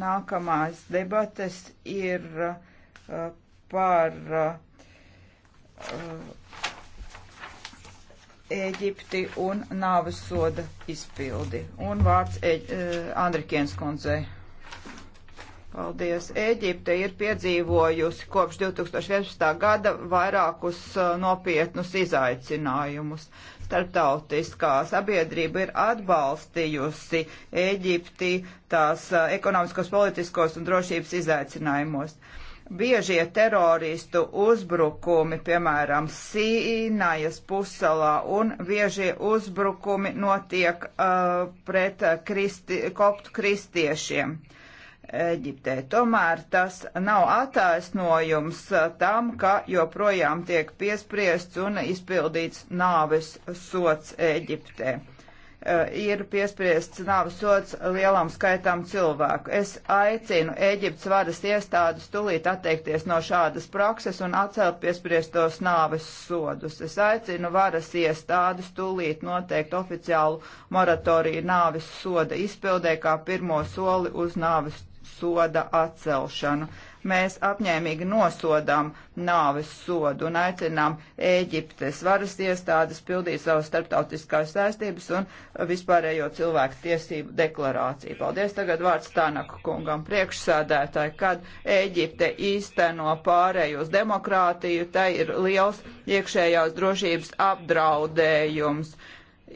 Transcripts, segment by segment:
Nākamās debates ir uh, par uh, Ēģipti un nāves soda izpildi. Un vārds e uh, Andrikiens kundzei. Paldies. Eģipte ir piedzīvojusi kopš 2011. gada vairākus uh, nopietnus izaicinājumus. Startautiskā sabiedrība ir atbalstījusi Eģipti tās uh, ekonomiskos, politiskos un drošības izaicinājumos. Biežie teroristu uzbrukumi, piemēram, Sīnajas puselā un biežie uzbrukumi notiek uh, pret uh, kristi, koptu kristiešiem. Uh, Eģiptē. Tomēr tas nav attaisnojums eh, tam, ka joprojām tiek piespriests un izpildīts nāves sots Eģiptē. Eh, ir piespriests nāves sots lielam skaitam cilvēku. Es aicinu Eģiptes varas iestādes tulīt atteikties no šādas prakses un atcelt piespriestos nāves sodus. Es aicinu varas iestādes tulīt noteikt oficiālu moratoriju nāves soda izpildē kā pirmo soli uz nāves soda atcelšanu. Mēs apņēmīgi nosodām nāves sodu un aicinām Ēģiptes varas iestādes pildīt savas starptautiskās saistības un vispārējo cilvēku tiesību deklarāciju. Paldies tagad vārds Tānaka kungam priekšsēdētāji, kad Ēģipte īsteno pārējos demokrātiju, tai ir liels iekšējās drošības apdraudējums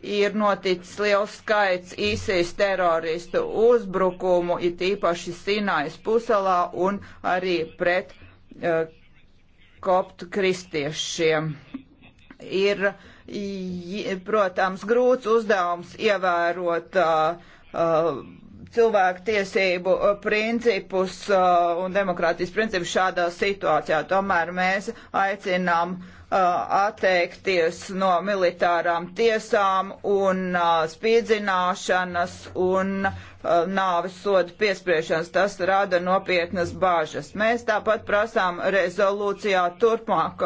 ir noticis liels skaits īsīs teroristu uzbrukumu, it īpaši Sinājas puselā un arī pret uh, eh, koptu kristiešiem. Ir, j, protams, grūts uzdevums ievērot uh, uh, cilvēku tiesību uh, principus uh, un demokrātijas principus šādā situācijā. Tomēr mēs aicinām uh, atteikties no militārām tiesām un spīdzināšanas un nāves sodu piespriešanas. Tas rada nopietnas bāžas. Mēs tāpat prasām rezolūcijā turpmāk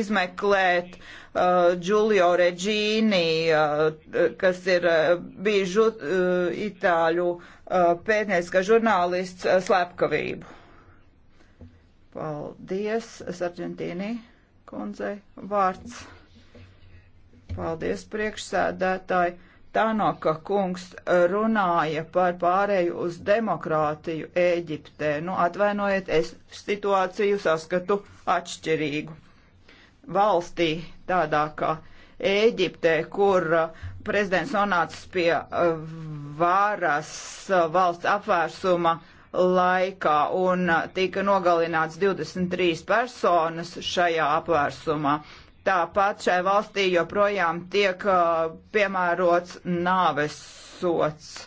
izmeklēt uh, Uh, Giulio Regini, uh, kas ir uh, bijis itāļu pētnieks, ka žurnālists slepkavību. Paldies, Sargentīnī kundzei vārds. Paldies, priekšsēdētāji. Tanaka kungs runāja par pārēju uz demokrātiju Ēģiptē. Nu, atvainojiet, es situāciju saskatu atšķirīgu valstī tādā kā Ēģiptē, kur uh, prezidents nonācis pie uh, varas uh, valsts apvērsuma laikā un tika nogalināts 23 personas šajā apvērsumā. Tāpat šai valstī joprojām tiek piemērots nāves sots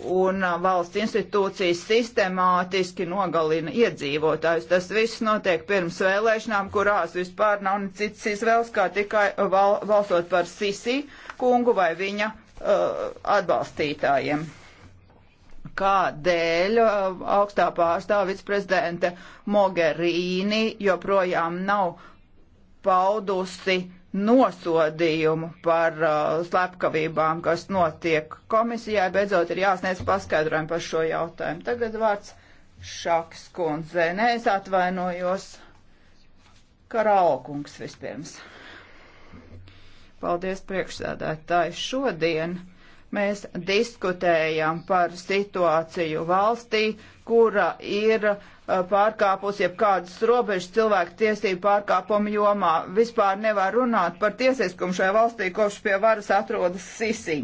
un uh, valsts institūcijas sistemātiski nogalina iedzīvotājus. Tas viss notiek pirms vēlēšanām, kurās vispār nav cits izvēles, kā tikai val, valsot par Sisi kungu vai viņa uh, atbalstītājiem. Kādēļ uh, augstā pārstāvis prezidente Mogherini joprojām nav paudusi uh, nosodījumu par uh, slepkavībām, kas notiek komisijai. Beidzot, ir jāsniedz paskaidrojumi par šo jautājumu. Tagad vārds Šaks kundzei. Nē, es atvainojos. Karalkungs vispirms. Paldies priekšsēdētāji. Šodien Mēs diskutējam par situāciju valstī, kura ir uh, pārkāpus jebkādas robežas cilvēku tiesību pārkāpumu jomā. Vispār nevar runāt par tiesiskumu šajā valstī, kopš pie varas atrodas Sisi.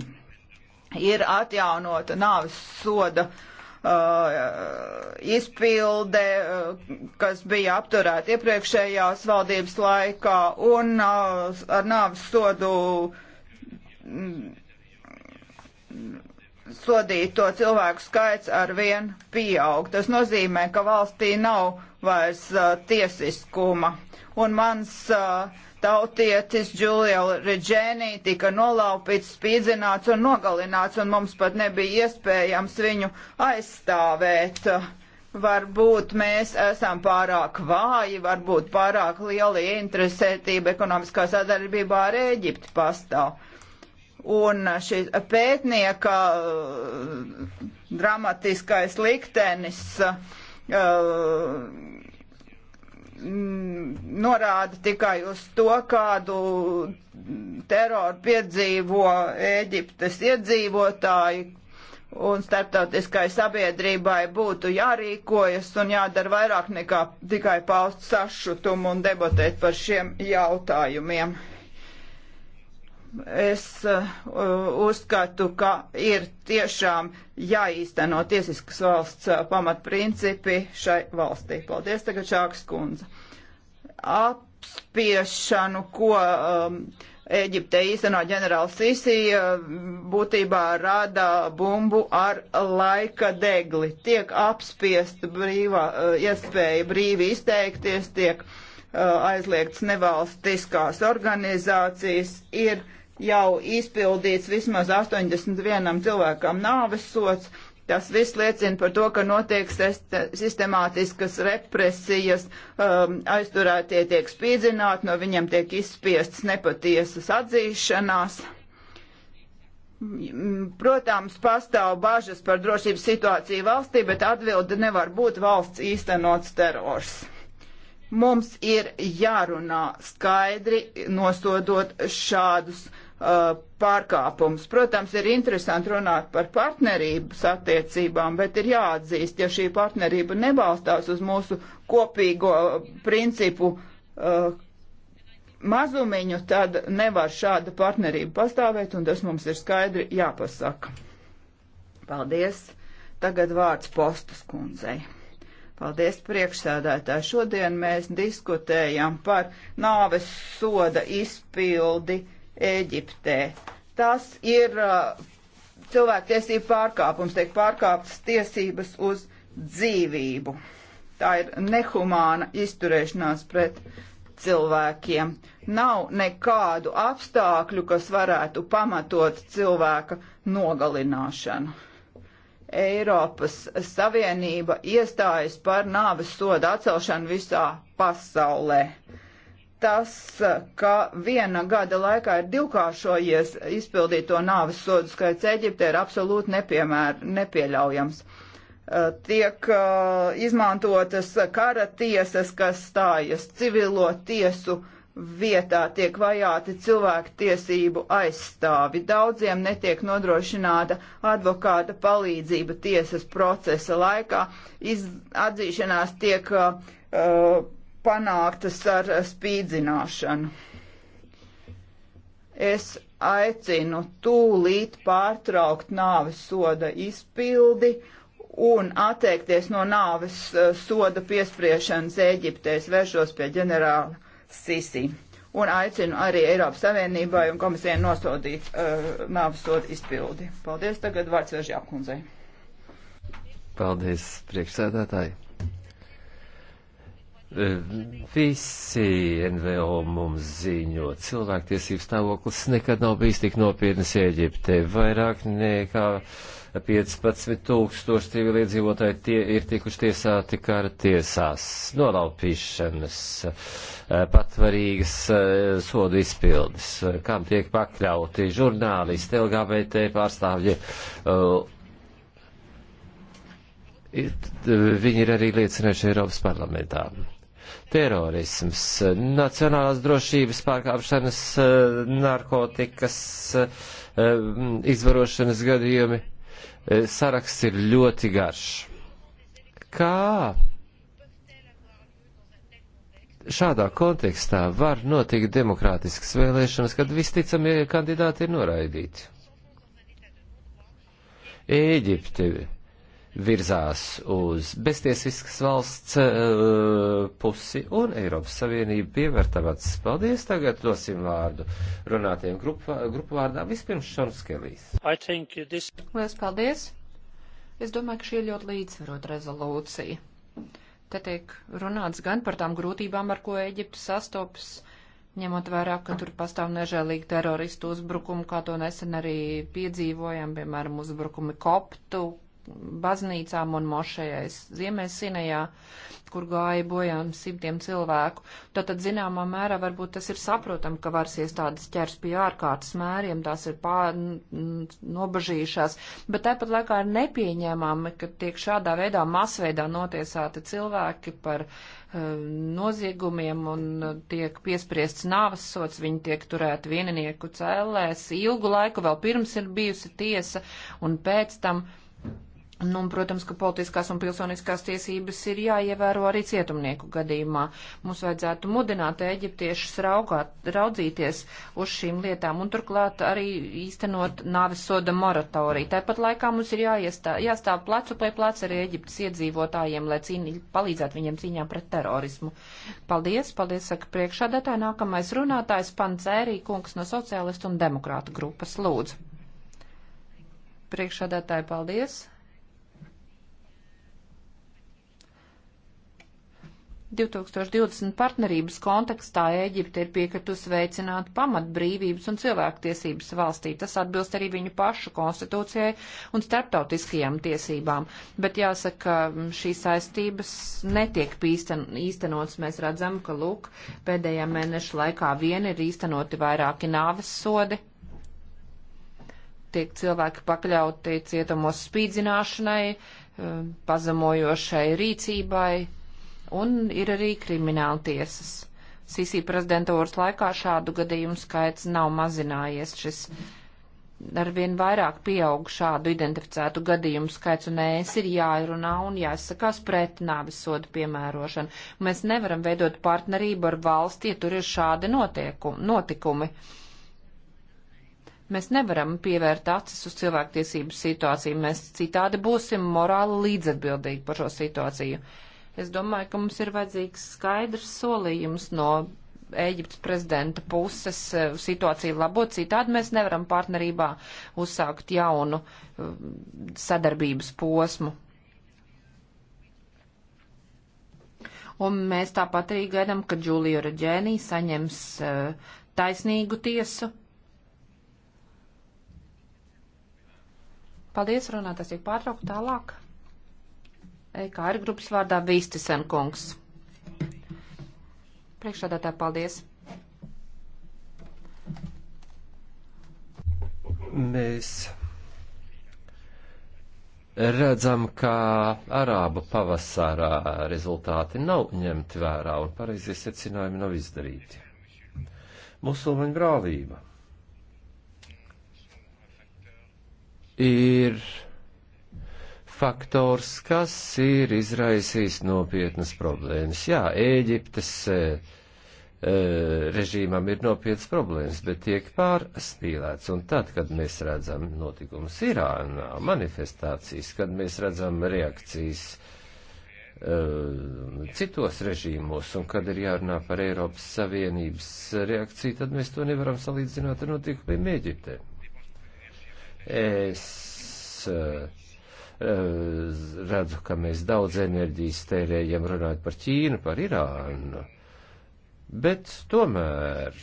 Ir atjaunota nāvis soda uh, izpilde, uh, kas bija apturēta iepriekšējās valdības laikā, un uh, ar nāvis sodu. Mm, sodīto cilvēku skaits ar vien pieaug. Tas nozīmē, ka valstī nav vairs uh, tiesiskuma. Un mans uh, tautietis Giulio Reģēnī tika nolaupīts, spīdzināts un nogalināts, un mums pat nebija iespējams viņu aizstāvēt. Varbūt mēs esam pārāk vāji, varbūt pārāk liela interesētība ekonomiskā sadarbībā ar Ēģipti pastāv un šī pētnieka uh, dramatiskais liktenis uh, mm, norāda tikai uz to, kādu teroru piedzīvo Ēģiptes iedzīvotāji, un starptautiskai sabiedrībai būtu jārīkojas un jādara vairāk nekā tikai paust sašutumu un debatēt par šiem jautājumiem. Es uh, uzskatu, ka ir tiešām jāīsteno tiesiskas valsts uh, pamatprincipi šai valstī. Paldies, tagad Šāks kundze. Apspiešanu, ko um, Eģipte īsteno ģenerāls Sisi, uh, būtībā rada bumbu ar laika degli. Tiek apspiesta brīvā, uh, iespēja brīvi izteikties, tiek uh, aizliegts nevalstiskās organizācijas. Ir, jau izpildīts vismaz 81 cilvēkam nāves sots. Tas viss liecina par to, ka notiek sistemātiskas represijas, um, aizturētie tiek spīdzināti, no viņiem tiek izspiestas nepatiesas atzīšanās. Protams, pastāv bažas par drošības situāciju valstī, bet atbilde nevar būt valsts īstenots terors. Mums ir jārunā skaidri nosodot šādus uh, Uh, pārkāpums. Protams, ir interesanti runāt par partnerības attiecībām, bet ir jāatzīst, ja šī partnerība nebalstās uz mūsu kopīgo principu uh, mazumiņu, tad nevar šāda partnerība pastāvēt, un tas mums ir skaidri jāpasaka. Paldies! Tagad vārds postas kundzei. Paldies priekšsēdētāji. Šodien mēs diskutējam par nāves soda izpildi uh, Ēģiptē. Tas ir uh, cilvēktiesību pārkāpums, tiek pārkāptas tiesības uz dzīvību. Tā ir nehumāna izturēšanās pret cilvēkiem. Nav nekādu apstākļu, kas varētu pamatot cilvēka nogalināšanu. Eiropas Savienība iestājas par nāves sodu atcelšanu visā pasaulē tas, ka viena gada laikā ir divkāršojies izpildīto nāves sodu skaits Eģipte, ir absolūti nepiemēr, nepieļaujams. Eh, tiek eh, izmantotas kara tiesas, kas stājas civilo tiesu vietā, tiek vajāti cilvēku tiesību aizstāvi. Daudziem netiek nodrošināta advokāta palīdzība tiesas procesa laikā. Iz, atzīšanās tiek uh, panāktas ar spīdzināšanu. Es aicinu tūlīt pārtraukt nāves soda izpildi un atteikties no nāves eh, soda piespriešanas Eģiptē. Es vēršos pie ģenerāla Sisi un aicinu arī Eiropas Savienībai un komisijai nosodīt uh, nāves sodu izpildi. Paldies, tagad vārds Veržjākundzei. Paldies, priekšsēdētāji. Visi NVO mums ziņo, cilvēktiesības stāvoklis nekad nav bijis tik nopietnas Ēģiptē. Vairāk nekā 15 tūkstoši civiliedzīvotāji tie ir tikuši tiesāti kara tiesās, nolaupīšanas, eh, patvarīgas eh, sodu izpildes, eh, kam tiek pakļauti žurnālisti, LGBT pārstāvji. Viņi ir arī liecinājuši Eiropas parlamentā terorisms, nacionālās drošības pārkāpšanas, eh, narkotikas, eh, izvarošanas gadījumi. Eh, saraksts ir ļoti garš. Kā šādā kontekstā var notikt demokrātiskas vēlēšanas, kad visticamie kandidāti ir noraidīti? Ēģipte virzās uz beztiesiskas valsts uh, pusi un Eiropas Savienība pievērtavats. Paldies, tagad dosim vārdu runātiem grupu, grupu vārdā. Vispirms Šons Kelijs. This... Lielas paldies. Es domāju, ka šī ir ļoti līdzsvarot rezolūcija. Te tiek runāts gan par tām grūtībām, ar ko Eģipte sastopas, ņemot vērā, ka tur pastāv nežēlīgi teroristu uzbrukumi, kā to nesen arī piedzīvojam, piemēram, uzbrukumi koptu baznīcām un mošējais Ziemeļsinējā, kur gāja bojām simtiem cilvēku. Tātad, zināmā mērā, varbūt tas ir saprotam, ka varas iestādes ķers pie ārkārtas mēriem, tās ir pār, nobažījušās, bet tāpat laikā ir nepieņēmami, ka tiek šādā veidā masveidā notiesāti cilvēki par eh, noziegumiem un tiek piespriests nāvas sots, viņi tiek turēti vieninieku cēlēs ilgu laiku, vēl pirms ir bijusi tiesa un pēc tam Nu, un, protams, ka politiskās un pilsoniskās tiesības ir jāievēro arī cietumnieku gadījumā. Mums vajadzētu mudināt eģiptiešus raugāt, raudzīties uz šīm lietām un turklāt arī īstenot nāves soda moratoriju. Tāpat laikā mums ir jāiestā, jāstāv plecu pie pleca arī Eģiptes iedzīvotājiem, lai cīni, palīdzētu viņiem cīņā pret terorismu. Paldies, paldies, saka priekšādātāja. Nākamais runātājs Pancērī kungs no Socialistu un Demokrātu grupas lūdzu. Priekšādātāja, paldies. 2020 partnerības kontekstā Ēģipte ir piekritusi veicināt pamatbrīvības un cilvēktiesības valstī. Tas atbilst arī viņu pašu konstitūcijai un starptautiskajām tiesībām. Bet jāsaka, šīs saistības netiek pīsten, īstenots. Mēs redzam, ka lūk, pēdējā mēneša laikā vien ir īstenoti vairāki nāves sodi. Tiek cilvēki pakļauti cietumos spīdzināšanai, eh, pazemojošai rīcībai, un ir arī krimināla tiesas. Sīsī prezidentūras laikā šādu gadījumu skaits nav mazinājies. Šis arvien vairāk pieaug šādu identificētu gadījumu skaits, un es ir jāierunā un jāizsakās pret nāvis sodu piemērošanu. Mēs nevaram veidot partnerību ar valsti, ja tur ir šādi notikumi. Mēs nevaram pievērt acis uz cilvēktiesību situāciju, mēs citādi būsim morāli līdzatbildīgi par šo situāciju. Uh, Es domāju, ka mums ir vajadzīgs skaidrs solījums no Ēģiptes prezidenta puses e, situāciju labot, citādi mēs nevaram partnerībā uzsākt jaunu e, sadarbības posmu. Un mēs tāpat arī gaidām, ka Džulio Reģēnī saņems e, taisnīgu tiesu. Paldies, runātājs tiek pārtraukt tālāk. EKR grupas vārdā Vīstisen kungs. Priekšādātā paldies. Mēs redzam, ka arābu pavasarā rezultāti nav ņemti vērā un pareizie secinājumi nav izdarīti. Musulmaņu brālība ir faktors, kas ir izraisījis nopietnas problēmas. Jā, Ēģiptes e, režīmam ir nopietnas problēmas, bet tiek pārspīlēts. Un tad, kad mēs redzam notikumus Irānā, manifestācijas, kad mēs redzam reakcijas e, citos režīmos un kad ir jārunā par Eiropas Savienības reakciju, tad mēs to nevaram salīdzināt ar notikumiem Ēģiptē. Es uh, e, Eh, redzu, ka mēs daudz enerģijas tērējam runājot par Ķīnu, par Irānu. Bet tomēr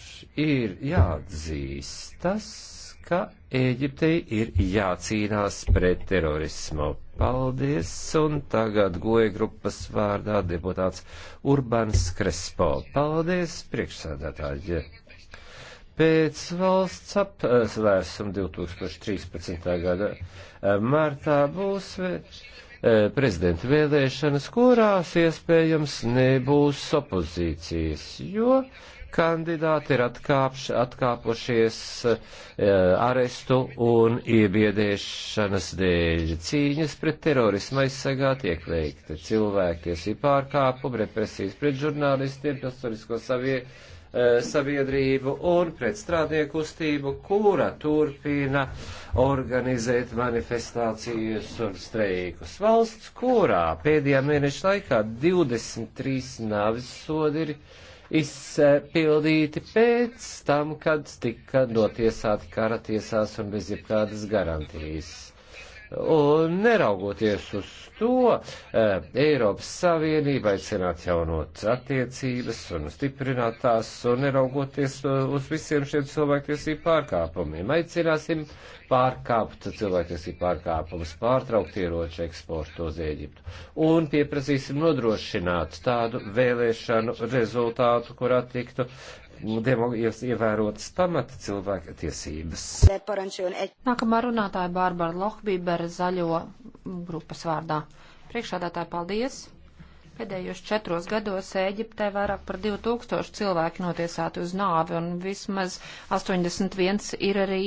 ir jāatzīst tas, ka Ēģiptei ir jācīnās pret terorismu. Paldies, un tagad goja grupas vārdā deputāts Urbans Krespo. Paldies, priekšsēdētāji! Pēc valsts apsvērsuma 2013. gada eh, martā būs eh, prezidenta vēlēšanas, kurās iespējams nebūs opozīcijas, jo kandidāti ir atkāpš, atkāpušies e, arestu un iebiedēšanas dēļ. Cīņas pret terorismu aizsargā tiek veikta cilvēktiesību pārkāpumu, represijas pret žurnālistiem, pilsonisko savie, E, sabiedrību un pret strādnieku kustību, kura turpina organizēt manifestācijas un streikus. Valsts, kurā pēdējā mēneša laikā 23 nāvis sodi ir izpildīti pēc tam, kad tika notiesāti kara tiesās un bez jebkādas garantijas. Un neraugoties uz to, eh, Eiropas Savienība aicināt jaunot attiecības un stiprināt tās, un neraugoties eh, uz visiem šiem cilvēktiesību pārkāpumiem. Aicināsim pārkāpt cilvēktiesību pārkāpumus, pārtraukt ieroču eksportu uz Ēģiptu. Un pieprasīsim nodrošināt tādu vēlēšanu rezultātu, kurā tiktu ievērotas pamata cilvēka tiesības. Nākamā runātāja Bārbara Lohbībera zaļo grupas vārdā. Priekšādātāji, paldies! Pēdējos četros gados Ēģiptē vairāk par 2000 cilvēki notiesāti uz nāvi un vismaz 81 ir arī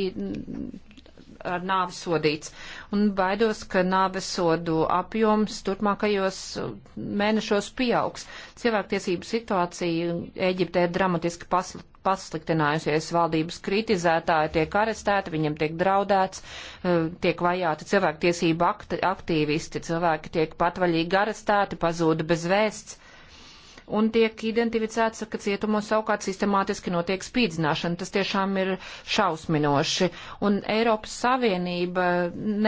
ar nāvi sodīts. Un baidos, ka nāves sodu apjoms turpmākajos uh, mēnešos pieaugs. Cilvēktiesību situācija Eģiptē ir dramatiski pasliktinājusies. Valdības kritizētāji tiek arestēti, viņiem tiek draudēts, uh, tiek vajāti cilvēktiesību aktīvisti, cilvēki tiek patvaļīgi arestēti, pazūda bez vēsts un tiek identificēts, ka cietumos savukārt sistemātiski notiek spīdzināšana. Tas tiešām ir šausminoši. Un Eiropas Savienība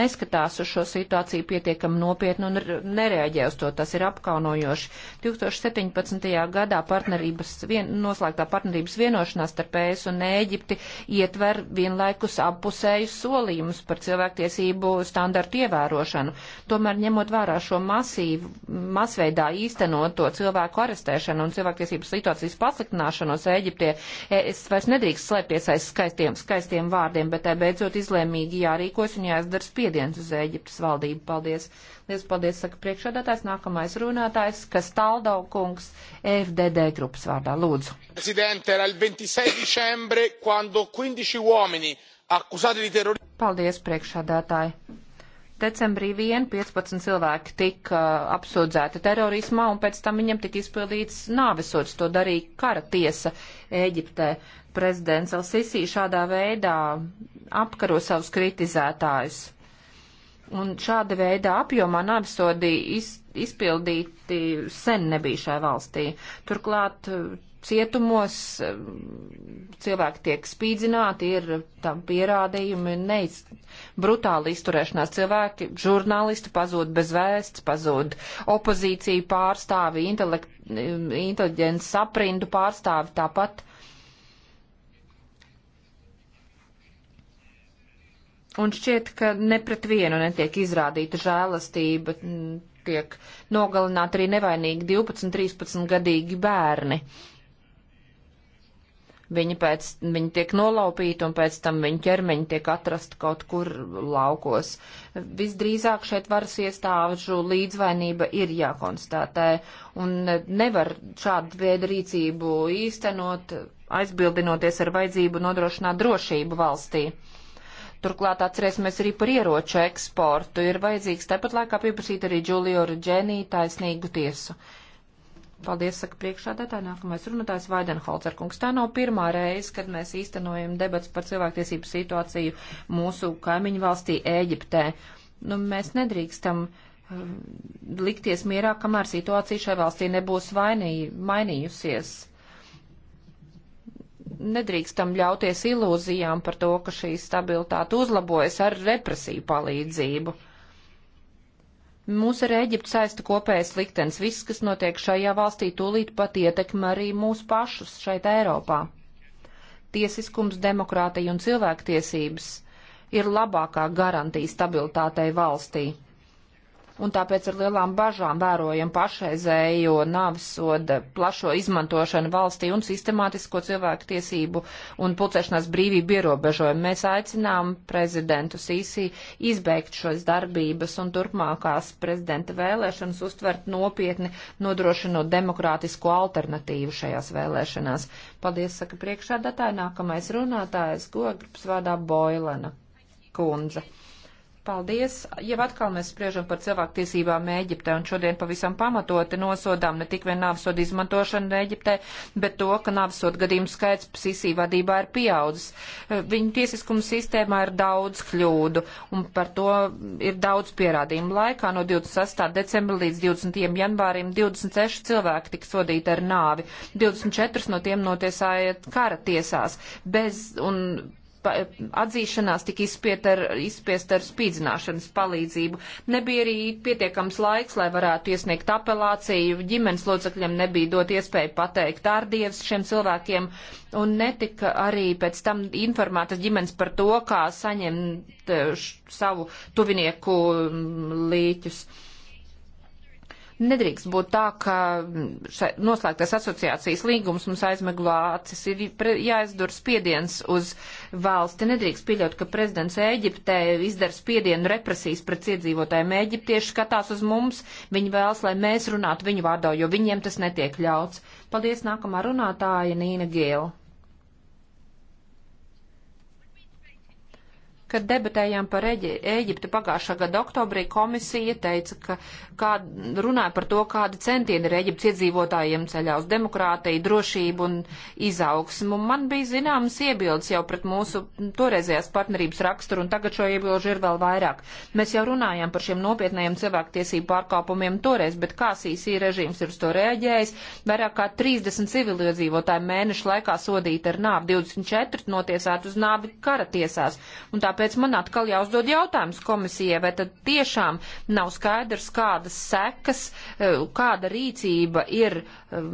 neskatās uz šo situāciju pietiekami nopietni un nereaģē uz to. Tas ir apkaunojoši. 2017. gadā partnerības vien, noslēgtā partnerības vienošanās starp ES un Ēģipti ietver vienlaikus apusējus solījumus par cilvēktiesību standartu ievērošanu. Tomēr ņemot vērā šo masīvu, masveidā īstenoto cilvēku arestēšanu, provocēšanu un cilvēktiesību situācijas pasliktināšanos Eģiptē, e, es vairs nedrīkst slēpties aiz skaistiem, skaistiem vārdiem, bet tai e, beidzot izlēmīgi jārīkos un jāizdara spiediens uz Eģiptes valdību. Paldies! Liels paldies, saka priekšādātājs, nākamais runātājs, kas Taldau kungs FDD grupas vārdā. Lūdzu. Presidente, era il 26 dicembre, quando 15 uomini accusati di terrorismo. Paldies, priekšādātāji. Decembrī vien 15 cilvēki tika uh, apsūdzēti terorismā un pēc tam viņam tika izpildīts nāvesots. To darīja kara tiesa Ēģiptē. Prezidents Elsisī šādā veidā apkaro savus kritizētājus. Un šāda veida apjomā nāvesodi iz, izpildīti sen nebija šai valstī. Turklāt uh, cietumos cilvēki tiek spīdzināti, ir tam pierādījumi, neiz, brutāli izturēšanās cilvēki, žurnālisti pazūd bez vēsts, pazūd opozīciju pārstāvi, inteliģents saprindu pārstāvi tāpat. Un šķiet, ka ne pret vienu netiek izrādīta žēlastība, tiek nogalināti arī nevainīgi 12-13 gadīgi bērni. Uh, Viņi, pēc, viņi tiek nolaupīti un pēc tam viņa ķermeņi tiek atrasta kaut kur laukos. Visdrīzāk šeit varas iestāžu līdzvainība ir jākonstatē un nevar šādu veidu rīcību īstenot, aizbildinoties ar vajadzību nodrošināt drošību valstī. Turklāt atcerēsimies arī par ieroču eksportu. Ir vajadzīgs tāpat laikā pieprasīt arī Giulio Reģēnī taisnīgu tiesu. Paldies, saka priekšādātāji. Nākamais runātājs Vaidenholzer kungs. Tā nav pirmā reize, kad mēs īstenojam debats par cilvēktiesību situāciju mūsu kaimiņu valstī Ēģiptē. Nu, mēs nedrīkstam uh, likties mierā, kamēr situācija šai valstī nebūs vainī, mainījusies. Nedrīkstam ļauties ilūzijām par to, ka šī stabilitāte uzlabojas ar represiju palīdzību. Uh, Mūs ar Eģiptu saista kopējais liktenis. Viss, kas notiek šajā valstī, tūlīt pat ietekmē arī mūs pašus šeit Eiropā. Tiesiskums, demokrātija un cilvēktiesības ir labākā garantija stabilitātei valstī un tāpēc ar lielām bažām vērojam pašreizējo navsoda plašo izmantošanu valstī un sistemātisko cilvēku tiesību un pulcēšanās brīvību ierobežojumu. Mēs aicinām prezidentu Sīsī izbeigt šos darbības un turpmākās prezidenta vēlēšanas uztvert nopietni, nodrošinot demokrātisko alternatīvu šajās vēlēšanās. Paldies, saka priekšādatāji, nākamais runātājs, gogrups vārdā Boilena kundze. Paldies! Jau atkal mēs spriežam par cilvēktiesībām Ēģiptē, un šodien pavisam pamatoti nosodām ne tik vien nāvsodu izmantošanu Ēģiptē, bet to, ka nāvsodu gadījumu skaits psisī vadībā ir pieaudzis. Eh, viņu tiesiskuma sistēmā ir daudz kļūdu, un par to ir daudz pierādījumu. Laikā no 26. decembra līdz 20. janvārim 26 cilvēki tika sodīti ar nāvi, 24 no tiem notiesāja kara tiesās, bez, un atzīšanās tika izspiest ar, izspiest ar spīdzināšanas palīdzību. Nebija arī pietiekams laiks, lai varētu iesniegt apelāciju, ģimenes locekļiem nebija dot iespēju pateikt ārdievs šiem cilvēkiem, un netika arī pēc tam informētas ģimenes par to, kā saņemt eh, š, savu tuvinieku mm, līķus. Uh, Nedrīkst būt tā, ka noslēgtais asociācijas līgums mums aizmeglā acis, ir jāizdur spiediens uz valsti. Nedrīkst pieļaut, ka prezidents Ēģiptē izdara spiedienu represijas pret iedzīvotājiem. Ēģiptieši skatās uz mums, viņi vēlas, lai mēs runātu viņu vārdā, jo viņiem tas netiek ļauts. Paldies, nākamā runātāja Nīna Gēla. Kad debatējām par Eģi, Eģiptu pagājušā gada oktobrī, komisija teica, ka kā, runāja par to, kādi centieni ir Eģiptes iedzīvotājiem ceļā uz demokrātiju, drošību un izaugsmu. Man bija zināmas iebildes jau pret mūsu toreizējās partnerības raksturu, un tagad šo iebilžu ir vēl vairāk. Mēs jau runājām par šiem nopietnējiem cilvēktiesību pārkāpumiem toreiz, bet kā Sīsī režīms ir uz to reaģējis, vairāk kā 30 civiliedzīvotāji mēnešu laikā sodīti ar nāvi, 24 notiesāti uz nāvi kara tiesās. Un tāpēc tāpēc man atkal jāuzdod jautājums komisijai, vai tad tiešām nav skaidrs, kādas sekas, e, kāda rīcība ir e,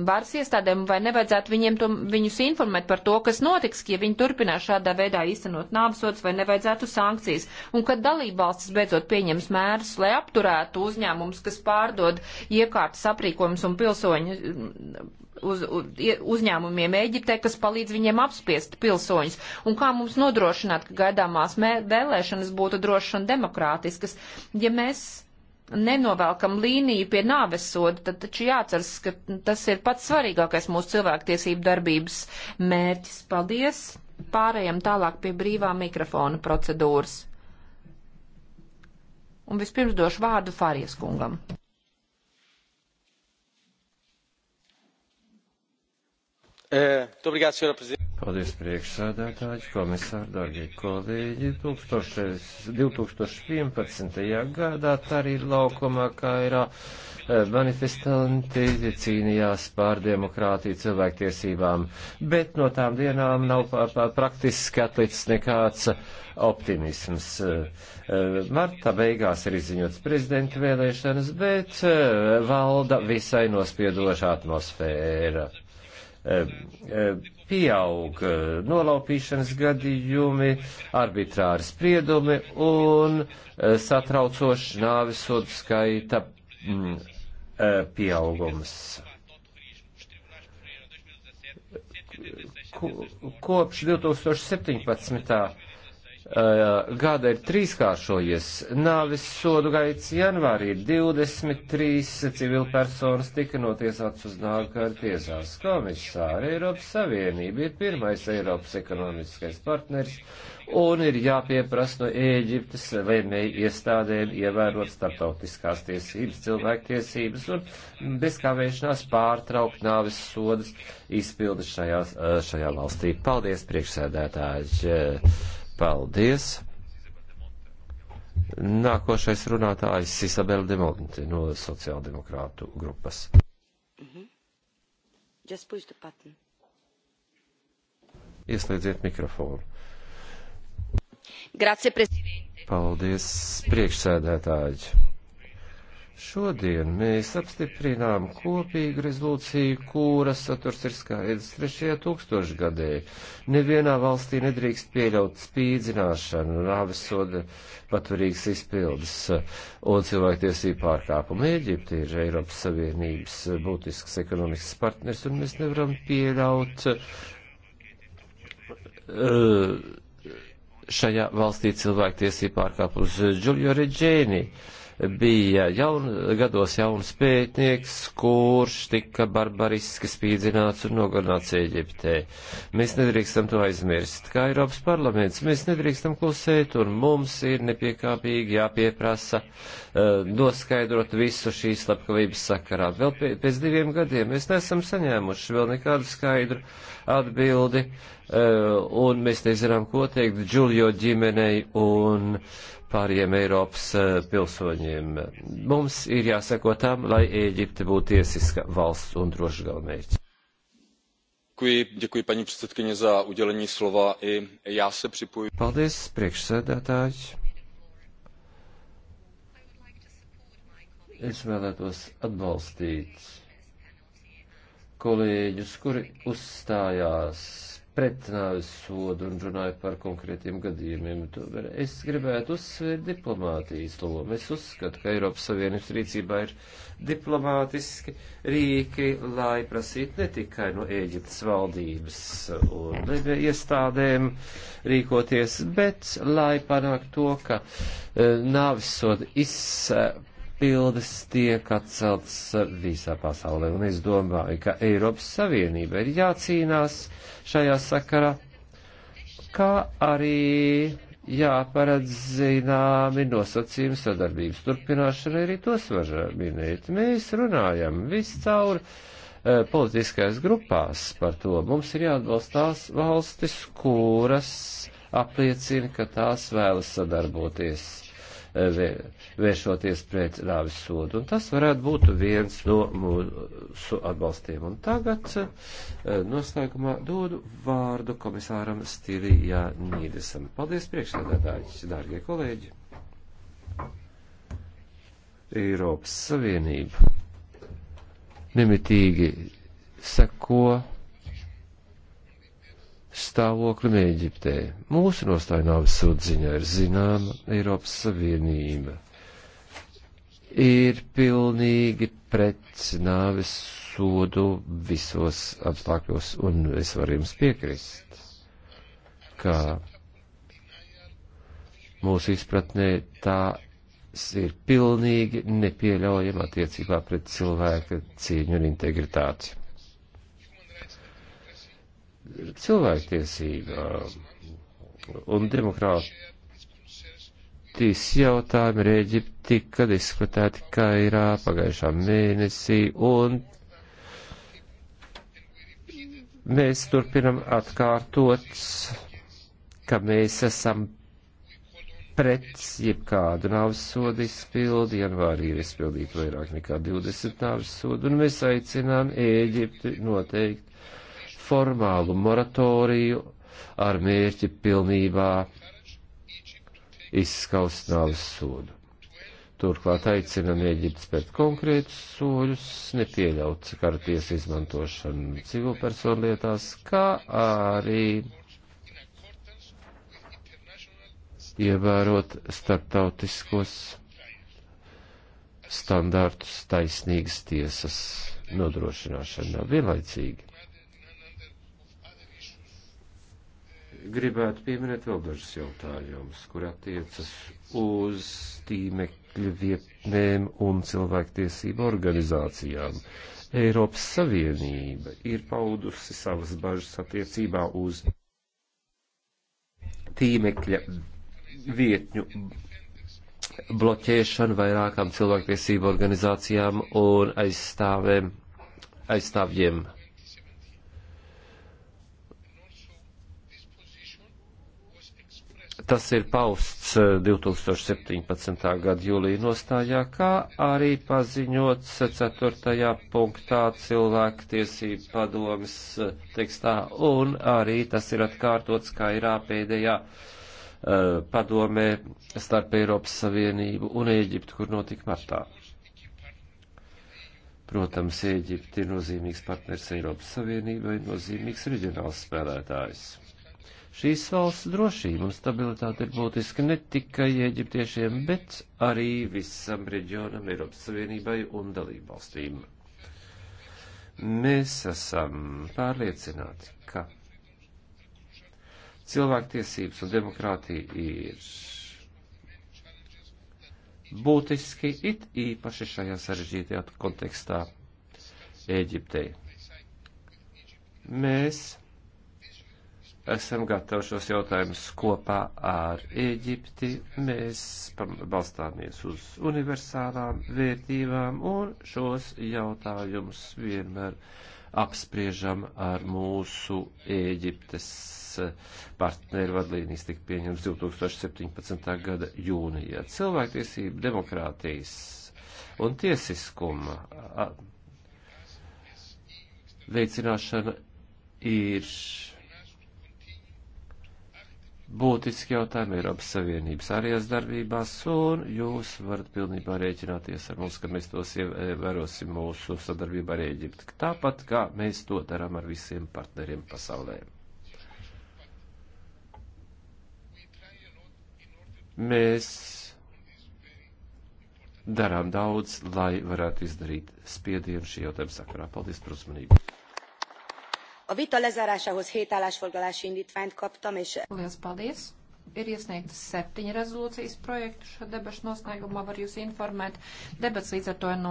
varas iestādēm, vai nevajadzētu viņiem to, viņus informēt par to, kas notiks, ja viņi turpinās šādā veidā īstenot nāvsots, vai nevajadzētu sankcijas. Un kad dalībvalstis beidzot pieņems mērus, lai apturētu uzņēmumus, kas pārdod iekārtas aprīkojums un pilsoņu uz, uz, uzņēmumiem Eģiptē, kas palīdz viņiem apspiest pilsoņus, un kā mums nodrošināt, ka gaidāmās vēlēšanas būtu drošas un demokrātiskas. Ja mēs nenovelkam līniju pie nāves soda, tad taču jāceras, ka tas ir pats svarīgākais mūsu cilvēktiesību darbības mērķis. Paldies! Pārējām tālāk pie brīvā mikrofona procedūras. Un vispirms došu vārdu Fārijas kungam. Eh, Paldies priekšsādātāji, komisāri, dārgie kolēģi. 2011. gadā arī laukumā Kairā eh, manifestanti cīnījās pār demokrātiju cilvēktiesībām, bet no tām dienām nav praktiski atlicis nekāds optimisms. Eh, marta beigās ir izziņots prezidenta vēlēšanas, bet valda visai nospiedoša atmosfēra. Eh, eh, pieaug eh, nolaupīšanas gadījumi, arbitrāri spriedumi un satraucoši nāvisodu skaita mm, pieaugums. Kopš 2017 Eh, gada ir trīskāršojies. Nāvis sodu gaits janvārī 23 civilpersonas tika notiesāts uz nākamkārt tiesās. Komisāri Eiropas Savienība ir pirmais Eiropas ekonomiskais partners un ir jāpieprasa no Ēģiptes lēmēju iestādēm ievērot starptautiskās tiesības, cilvēktiesības un bez kavēšanās pārtraukt nāvis sodas izpildi šajā, eh, šajā valstī. Paldies, priekšsēdētāji! Eh, Paldies! Nākošais runātājs Isabela Demonti no sociāldemokrātu grupas. Mm -hmm. Just push the button. Ieslēdziet mikrofonu. Grazie, prezidente. Paldies, priekšsēdētāji. Šodien mēs apstiprinām kopīgu rezolūciju, kuras saturs ir skaidrs trešajā tūkstošgadē. Nevienā valstī nedrīkst pieļaut spīdzināšanu, nāves soda paturīgas izpildes un cilvēktiesību pārkāpumu. Eģipte ir Eiropas Savienības būtisks ekonomikas partners, un mēs nevaram pieļaut. Uh, šajā valstī cilvēktiesību pārkāpumus. Džulio Reģēni. Uh, bija jaun, gados jauns pētnieks, kurš tika barbariski spīdzināts un nogalināts Eģiptē. Mēs nedrīkstam to aizmirst. Kā Eiropas parlaments, mēs nedrīkstam klusēt, un mums ir nepiekāpīgi jāpieprasa uh, noskaidrot visu šīs slepkavības sakarā. Vēl pēc, pēc diviem gadiem mēs nesam saņēmuši vēl nekādu skaidru atbildi, uh, un mēs nezinām, ko teikt Džuljo ģimenei un uh, pāriem Eiropas eh, pilsoņiem. Mums ir jāseko tam, lai Ēģipte būtu tiesiska valsts un drošs galvenais. Děkuji, paní předsedkyně, za udělení slova. I já se připojuji. Paldies, priekšsēdētājs. Es vēlētos atbalstīt kolēģus, kuri uzstājās pretnāvis sodu un runāja par konkrētiem gadījumiem. Tomēr es gribētu uzsvērt diplomātijas lomu. Es uzskatu, ka Eiropas Savienības rīcībā ir diplomātiski rīki, lai prasītu ne tikai no Ēģiptes valdības un iestādēm rīkoties, bet lai panāktu to, ka eh, nāvis sodu izsēst izpildes tiek atceltas visā pasaulē, un es domāju, ka Eiropas Savienība ir jācīnās šajā sakarā, kā arī jāparedz zināmi nosacījumi sadarbības turpināšanai, arī tos var minēt. Mēs runājam viscaur eh, politiskais grupās par to. Mums ir jāatbalstās valstis, kuras apliecina, ka tās vēlas sadarboties vēršoties pret nāvis sodu. Un tas varētu būt viens no mūsu atbalstiem. Un tagad eh, noslēgumā dodu vārdu komisāram Stilijā Nīdesam. Paldies priekšsēdētāji, dārgie kolēģi! Eiropas Savienība nemitīgi seko stāvoklim Ēģiptē. Mūsu nostāja nāves sūdziņā ir zināma Eiropas Savienība. Ir pilnīgi pret nāves sodu visos apstākļos, un es varu jums piekrist, ka mūsu izpratnē tā ir pilnīgi nepieļaujama attiecībā pret cilvēka cieņu un integritāti cilvēktiesībām un demokrātijas jautājumi ir Ēģipte tika diskutēti Kairā pagājušā mēnesī un mēs turpinam atkārtot, ka mēs esam pret jebkādu nāves sodu izpildi, janvārī ir izpildīta vairāk nekā 20 nāves sodu, un mēs aicinām Ēģipti noteikt formālu moratoriju ar mērķi pilnībā izskaust nāves sodu. Turklāt aicinam Ēģiptes pēc konkrētus soļus, nepieļaut karties izmantošanu civilpersonu lietās, kā arī ievērot starptautiskos standārtus taisnīgas tiesas nodrošināšanā vienlaicīgi. gribētu pieminēt vēl dažus jautājumus, kur attiecas uz tīmekļu vietnēm un cilvēktiesību organizācijām. Eiropas Savienība ir paudusi savas bažas attiecībā uz tīmekļa vietņu bloķēšanu vairākām cilvēktiesību organizācijām un aizstāvēm, aizstāvjiem Tas ir pausts 2017. Eh, gada jūlija nostājā, kā arī paziņots 4. Eh, punktā cilvēktiesību padomis eh, tekstā, un arī tas ir atkārtots Kairā pēdējā uh, padomē starp Eiropas Savienību un Ēģiptu, kur notika martā. Protams, Ēģipte ir nozīmīgs partners Eiropas Savienībai, nozīmīgs reģionāls spēlētājs. Šīs valsts drošība un stabilitāte ir būtiska ne tikai eģiptiešiem, bet arī visam reģionam, Eiropas Savienībai un dalību valstīm. Mēs esam pārliecināti, ka cilvēktiesības un demokrātija ir būtiski it īpaši šajā sarežģītajā kontekstā Ēģiptei. Mēs esam gatavi šos jautājumus kopā ar Ēģipti. Mēs balstāmies uz universālām vērtībām un šos jautājumus vienmēr apspriežam ar mūsu Ēģiptes eh, partneru vadlīnijas tika pieņemts 2017. gada jūnijā. Cilvēktiesība, demokrātijas un tiesiskuma veicināšana ir būtiski jautājumi Eiropas Savienības ārējās darbībās, un jūs varat pilnībā rēķināties ar mums, ka mēs tos ievērosim mūsu sadarbībā ar Eģipti, tāpat kā mēs to darām ar visiem partneriem pasaulē. Mēs darām daudz, lai varētu izdarīt spiedienu šī jautājuma sakarā. Paldies par uzmanību! A vita lezárásához hét állásfoglalási indítványt kaptam, és... Lielas paldies! Ir iesniegtas septiņi rezolūcijas projektu šo debašu noslēgumā, var jūs informēt. Debats līdz ar to ir no...